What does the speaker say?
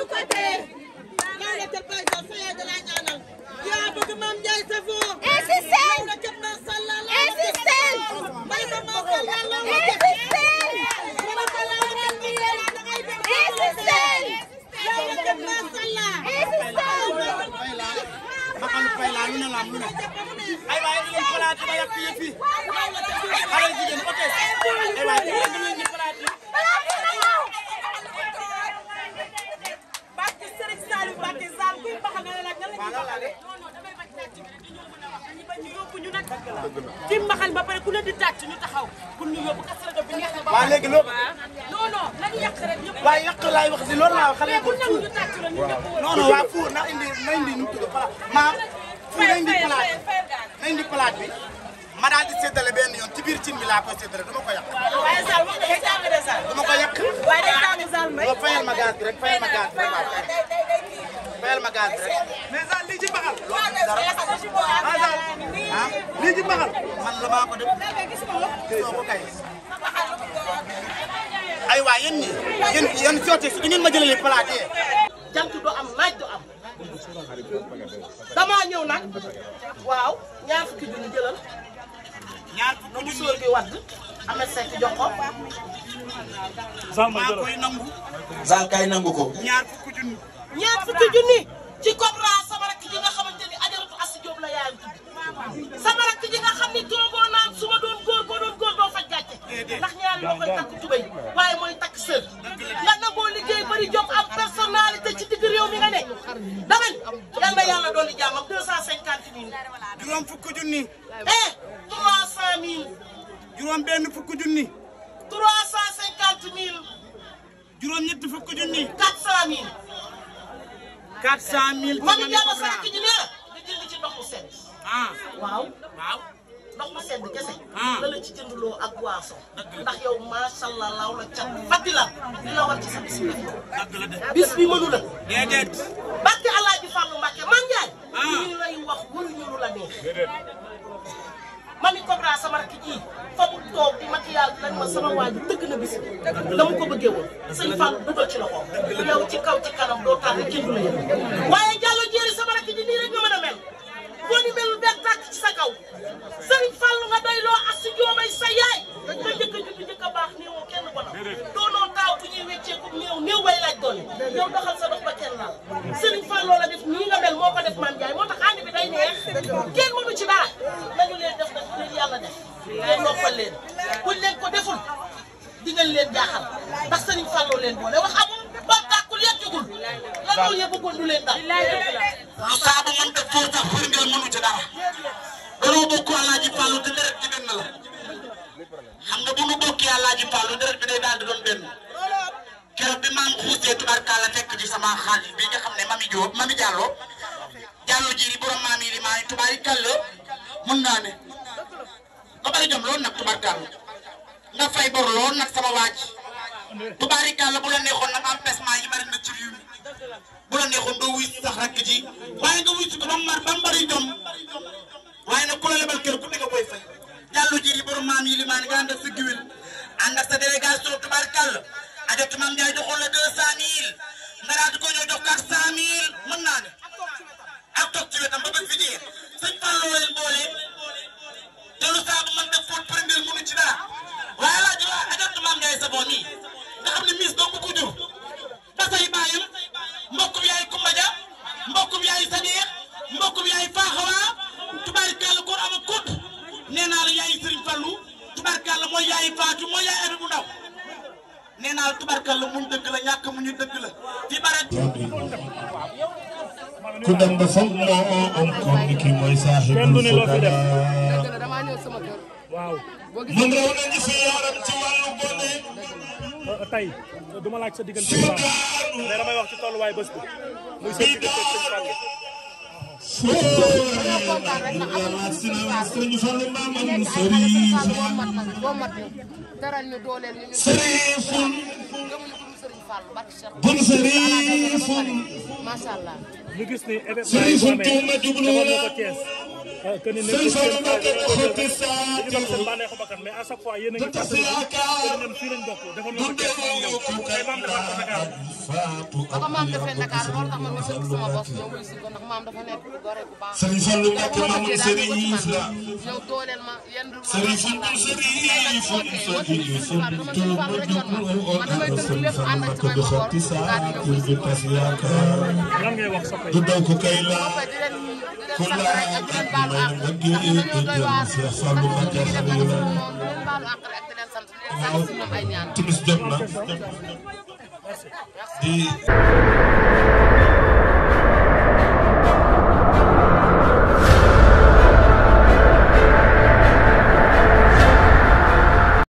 tout côté yow la ca Paysane sa yaay da laa ñaanal. yaa bëgg maam Ndiaye Savon. insister yow la ca Mame Salla la. insister may ma Mame Salla la. insister Mame Salla la nga mën a la da ngay dem. insister yow la ca Mame Salla. insister. maxal fay laa lu ne laam lu ne ay waay jigéen balaa dama yàq yëf yi xale jigéen ok ay waay jigéen waxaale. tim maxal ba pare ku ne di tàcc ñu taxaw pour ñu ba. waaw léegi loolu. non non nañu yàq rek ñëpp. waaw wax si loolu laa xale bu ñu tàcc la ñu ñëpp. non non waaw fu na indi na indi nu mu tudd fu na indi palaat na indi ma daal di séddale benn yoon ci cin bi laa koy séddale dama ko yàq. waaye Sall wax dëgg yàq de Sall. dama fayal ma gaz rek fayal ma gaz rek teel ma gaz rek. mais ça lii ci baxal. lii ci baxal. palaat yee. jant du am naaj du am. damaa ñëw nag. waaw ñaar fukki junni jëlal. ñaar fukki junni sóor bi wadd. jox ko. maa koy nangu. Zal kay nangu ko. ñaar fukki junni. fukki junni ci Cobra sama rakk ji nga xamante ni ajaratu Asi Jóob la yaayam tudd sama rakk ji xam ni toogoo naan su ma doon góor boo doon góor doo faj gàcce ndax ñaari loo koy takk tubay waaye mooy takk sër nga na boo liggéey bëri jom am personnalité ci digg réew mi nga ne yal na yàlla doon di jàmmam deux cent cinquante mille juróom fukki junni eh trois cent mille juróom benn fukki junni trois cent cinquante mille juróom ñetti fukki junni quatre cent mille quatre cent mille. mami yàlla sànq ñu ne. nga jënd ci ndox mu sedd. ah waaw. waaw ndox mu sedd kese. la ah. la ci jënduloo ak boisson. ndax yow macha la cat fàttali la li la war ci sa bis bi. bis bi mënu la. déedéet. man Ndiaye. ah ñu lay toog di maquillage lan ma sama waa ji tëgg na bis na mu ko bëggee woon sëñ Fall dugal ci loxoom yow ci kaw ci kanam doo tànn kenn du la yëg waaye Diallo Diéry sama rakk ji nii rek nga mën a mel boo ni melul benn tàkk ci sa kaw sëriñ Fall nga doy loo as joomay sa yaay a a baax way laaj doole yow doxal sa dox ba kenn laal sëriñ Fall loola def nii nga mel moo ko def maam Ndiaye moo tax ànd bi day neex kenn mënu ci dara yàlla def ngeen noppal leen buñ leen ko deful dinañ leen jaaxal ndax sëriñ Fallou leen boole wax amul ba tàkkul yëpp jugul lan loolu yëpp bëggoon du leen dal waaw saa ba mën def foo tax firndeel mënu ci dara danoo bokk Alaaji Fallou te deret ji benn la xam nga bu nu bokkee Alaaji Fallou deret bi day daal di doon benn keroog bi maa ngi xuusee tubarkalla fekk ci sama xaalis bi nga xam ne mami Diop mami Diallo Diallo jiri borom maam yi li maay tubaari kàlla mun naa ne ba bari jom lool nag tubarkàlla nga fay bor lool nag sama waaj tubarkàlla bu la neexoon nag empêchement yi bari na ci réew mi bu la neexoon doo wuy sax rakk ji waaye nga wuy si ko ba mu waaye nag ku la lebal kër ku ne nga koy fay. jàllu ji yi borom maam yi li maa nga ànd ak sa giwil ànd ak a délégation tubarkàlla ajot maam Ndiaye joxoon la deux cent mille nga daal di ko ñëw jox quatre cent mille mën naa ak toog ci wetam ba bëgg fi jeex Ndiaye Savon nii nga nee naa la yaay Serigne Fallou tubaarkàlla mooy yaay Faatu mooy yaay Abi la tubaarkàlla muñ dëgg la ñàkk mu ñu dëgg la fi bare ku dem ba foog moo am kon kii mooy saaxibu waaw mun raw nañu fi yaaram ci wàllu gone tey duma laaj sa diggante bu baax mais damay wax ci tolluwaay bés bi muy sa diggante sëñ Fallou sëriñ Fallou Mbamoun Euh, sëñ Fallou Mbacké xotti saa jiwu mais à chaque fois yéen a ngi tas yaakaar du teewoo ku kay daa faatu ak maam defee Dakar loolu tax man ma sëkk sama bopp ñëw wuyu si ko ndax maam dafa nekk lu gore bu baax sëñ Fallou Mbacké maam sëriñ Yuus la yow dooleel ma yenn sërifun sërifun sërifun tuuba jublu ak alasan ak doxati saa tur bi tas yaakaar du daw ko kay laa ku laa may nga géej jëm Seex Fallu Mbàkke xalila waaw timis jot na di